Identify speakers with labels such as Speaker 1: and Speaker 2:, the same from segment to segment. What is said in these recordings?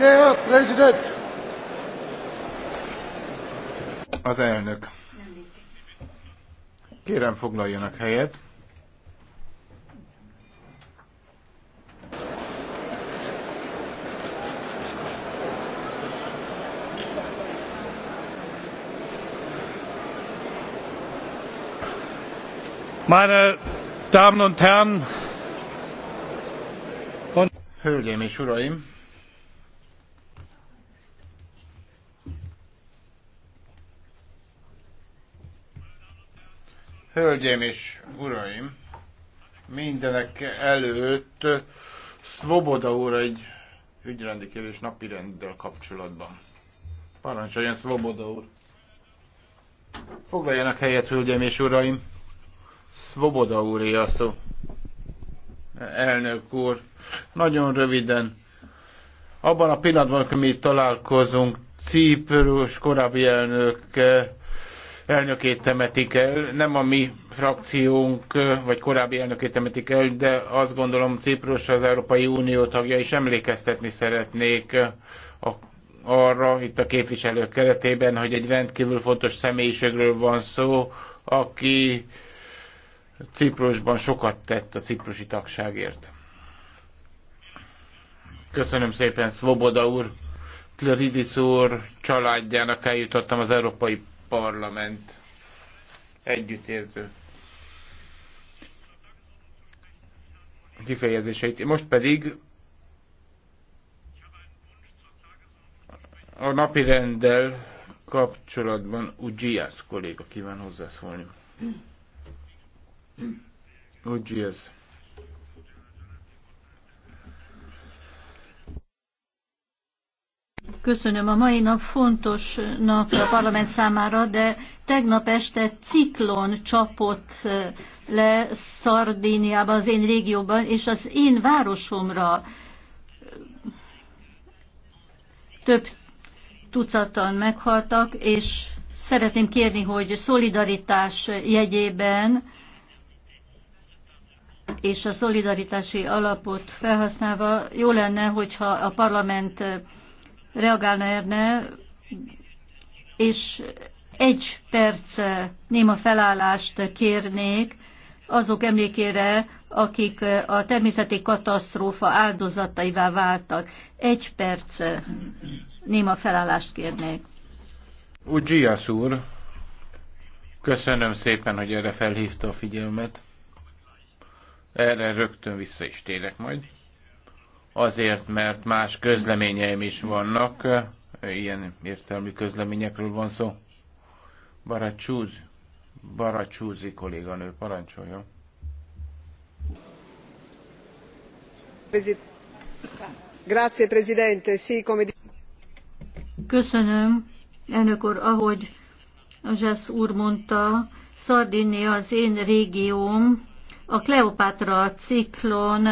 Speaker 1: Der Präsident! Az elnök. Kérem, foglaljanak helyet. Meine Damen und Herren, Hölgyeim és Uraim! Hölgyeim és uraim, mindenek előtt Svoboda úr egy ügyrendi kérdés napirenddel kapcsolatban. Parancsoljon Svoboda úr! Foglaljanak helyet, hölgyeim és uraim! Svoboda úr a szó. Elnök úr, nagyon röviden. Abban a pillanatban, amikor mi találkozunk, Ciprus korábbi elnök elnökét temetik el. Nem a mi frakciónk, vagy korábbi elnökét temetik el, de azt gondolom Ciprus az Európai Unió tagja és emlékeztetni szeretnék a arra itt a képviselők keretében, hogy egy rendkívül fontos személyiségről van szó, aki Ciprusban sokat tett a ciprusi tagságért. Köszönöm szépen, Svoboda úr, Kloridis úr családjának eljutottam az Európai parlament együttérző kifejezéseit. Most pedig a napi rendel kapcsolatban Ugyiász kolléga kíván hozzászólni.
Speaker 2: Mm.
Speaker 3: Köszönöm. A mai nap fontos nap a parlament számára, de tegnap este ciklon csapott eh, le Szardíniában, az én régióban, és az én városomra eh, több tucatan meghaltak, és szeretném kérni, hogy szolidaritás jegyében és a szolidaritási alapot felhasználva jó lenne, hogyha a parlament eh, reagálna erne, és egy perc néma felállást kérnék azok emlékére, akik a természeti katasztrófa áldozataivá váltak. Egy perc néma felállást kérnék.
Speaker 1: Ugyias úr, köszönöm szépen, hogy erre felhívta a figyelmet. Erre rögtön vissza is térek majd azért, mert más közleményeim is vannak, ilyen értelmű közleményekről van szó. Baracsúz, Baracsúzi kolléganő, parancsolja. Grazie, Presidente.
Speaker 3: Sì, come... Köszönöm, elnök úr, ahogy Zsász úr mondta, Szardinia az én régióm, a Kleopatra ciklon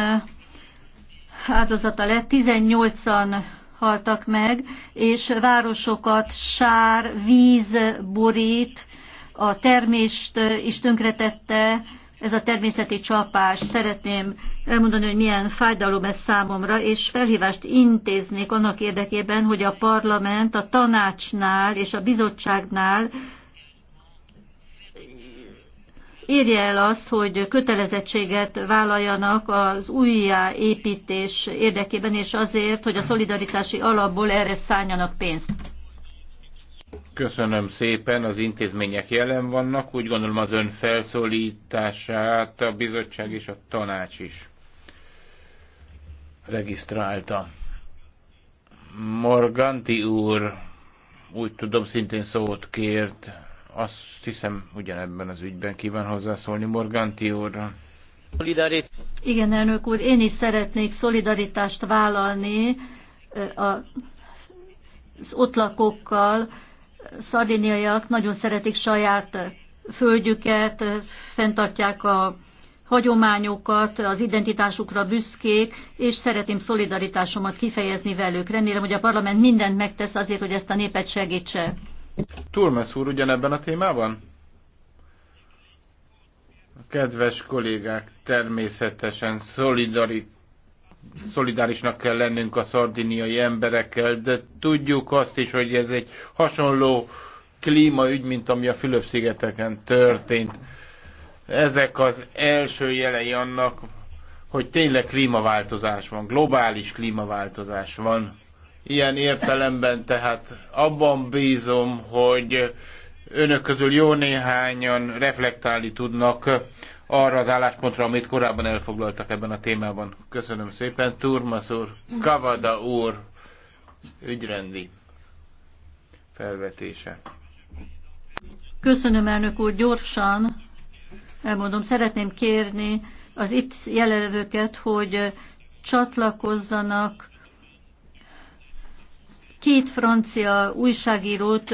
Speaker 3: áldozata lett, 18-an haltak meg, és városokat sár, víz borít, a termést is tönkretette, ez a természeti csapás. Szeretném elmondani, hogy milyen fájdalom ez számomra, és felhívást intéznék annak érdekében, hogy a parlament a tanácsnál és a bizottságnál érje el azt, hogy kötelezettséget vállaljanak az újjáépítés érdekében, és azért, hogy a szolidaritási alapból erre szálljanak pénzt.
Speaker 1: Köszönöm szépen, az intézmények jelen vannak, úgy gondolom az ön felszólítását a bizottság és a tanács is regisztrálta. Morganti úr, úgy tudom, szintén szót kért. Azt hiszem, ugyanebben az ügyben kíván hozzászólni Morganti úrra.
Speaker 3: Igen, elnök úr, én is szeretnék szolidaritást vállalni az ott lakókkal. Szardiniaiak nagyon szeretik saját földjüket, fenntartják a hagyományokat, az identitásukra büszkék, és szeretném szolidaritásomat kifejezni velük. Remélem, hogy a parlament mindent megtesz azért, hogy ezt a népet segítse.
Speaker 1: Turmes úr ugyanebben a témában? Kedves kollégák, természetesen szolidari, szolidárisnak kell lennünk a szardiniai emberekkel, de tudjuk azt is, hogy ez egy hasonló klímaügy, mint ami a Fülöp-szigeteken történt. Ezek az első jelei annak, hogy tényleg klímaváltozás van, globális klímaváltozás van ilyen értelemben, tehát abban bízom, hogy önök közül jó néhányan reflektálni tudnak arra az álláspontra, amit korábban elfoglaltak ebben a témában. Köszönöm szépen. Turmas úr, Kavada úr, ügyrendi felvetése.
Speaker 3: Köszönöm, elnök úr. Gyorsan elmondom, szeretném kérni az itt jelenlevőket, hogy csatlakozzanak Két francia újságírót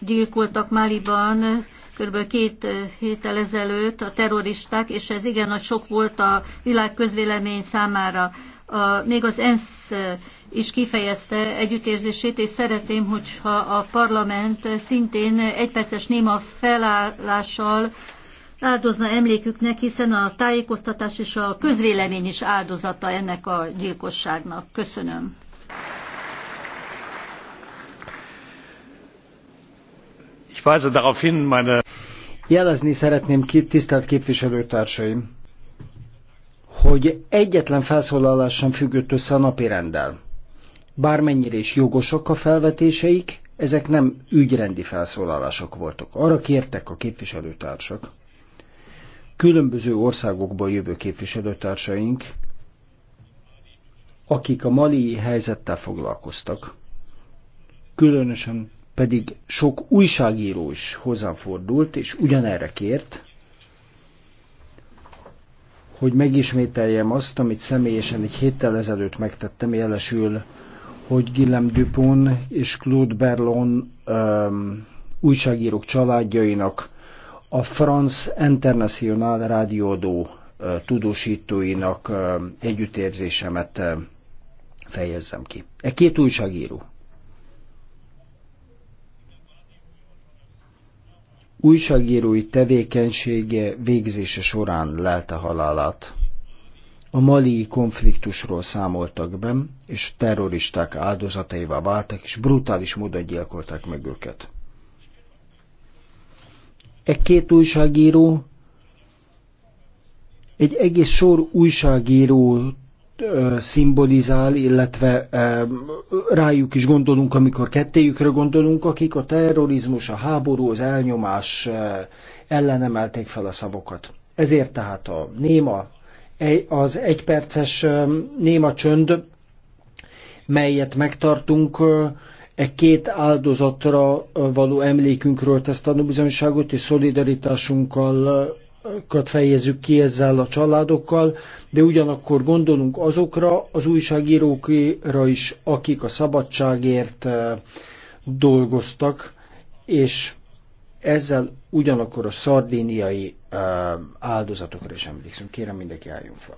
Speaker 3: meggyilkoltak Máliban kb. két héttel ezelőtt a terroristák, és ez igen nagy sok volt a világ közvélemény számára. A, még az ENSZ is kifejezte együttérzését, és szeretném, hogyha a parlament szintén egyperces néma felállással áldozna emléküknek, hiszen a tájékoztatás és a közvélemény is áldozata ennek a gyilkosságnak. Köszönöm.
Speaker 2: weise darauf hin, meine Jelezni szeretném ki, tisztelt képviselőtársaim, hogy egyetlen felszólalás sem függött össze a napi rendel. Bármennyire is jogosak a felvetéseik, ezek nem ügyrendi felszólalások voltak. Arra kértek a képviselőtársak, különböző országokból jövő képviselőtársaink, akik a mali helyzettel foglalkoztak, különösen pedig sok újságíró is hozzám fordult, és ugyanerre kért, hogy megismételjem azt, amit személyesen egy héttel ezelőtt megtettem, jelesül, hogy Guillem Dupont és Claude Berlon um, újságírók családjainak, a France International rádióadó uh, tudósítóinak uh, együttérzésemet uh, fejezzem ki. E két újságíró, újságírói tevékenysége végzése során lelte halálát. A malii konfliktusról számoltak be, és terroristák áldozataival váltak, és brutális módon gyilkolták meg őket. E két újságíró egy egész sor újságírót szimbolizál, illetve rájuk is gondolunk, amikor kettéjükre gondolunk, akik a terrorizmus, a háború, az elnyomás ellen emelték fel a szavokat. Ezért tehát a néma, e, az egyperces néma csönd, melyet megtartunk, e két áldozatra való emlékünkről tesz tanúbizonyságot, és szolidaritásunkkal fejezzük ki ezzel a családokkal, de ugyanakkor gondolunk azokra az újságírókra is, akik a szabadságért eh, dolgoztak, és ezzel ugyanakkor a szardíniai eh, áldozatokra is emlékszünk. Kérem mindenki álljon fel.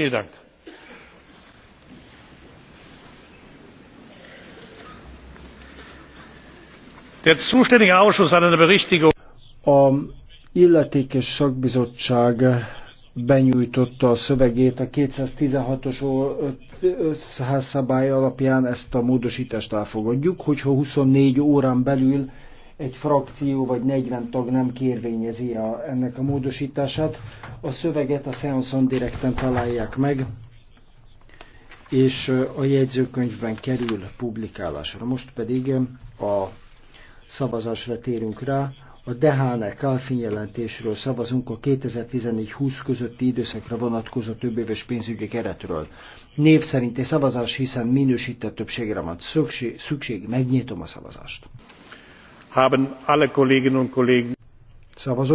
Speaker 2: vielen dank! az illetékes szakbizottság benyújtotta a szövegét a 216-os házszabály alapján ezt a módosítást elfogadjuk hogyha 24 órán belül egy frakció vagy 40 tag nem kérvényezi a, ennek a módosítását. A szöveget a Seanson direkten találják meg, és a jegyzőkönyvben kerül publikálásra. Most pedig a szavazásra térünk rá. A Dehane Kalfin jelentésről szavazunk a 2014-20 közötti időszakra vonatkozó többéves pénzügyi keretről. Név egy szavazás, hiszen minősített többségre van szükség, szükség megnyitom a szavazást haben alle kolleginnen und kollegen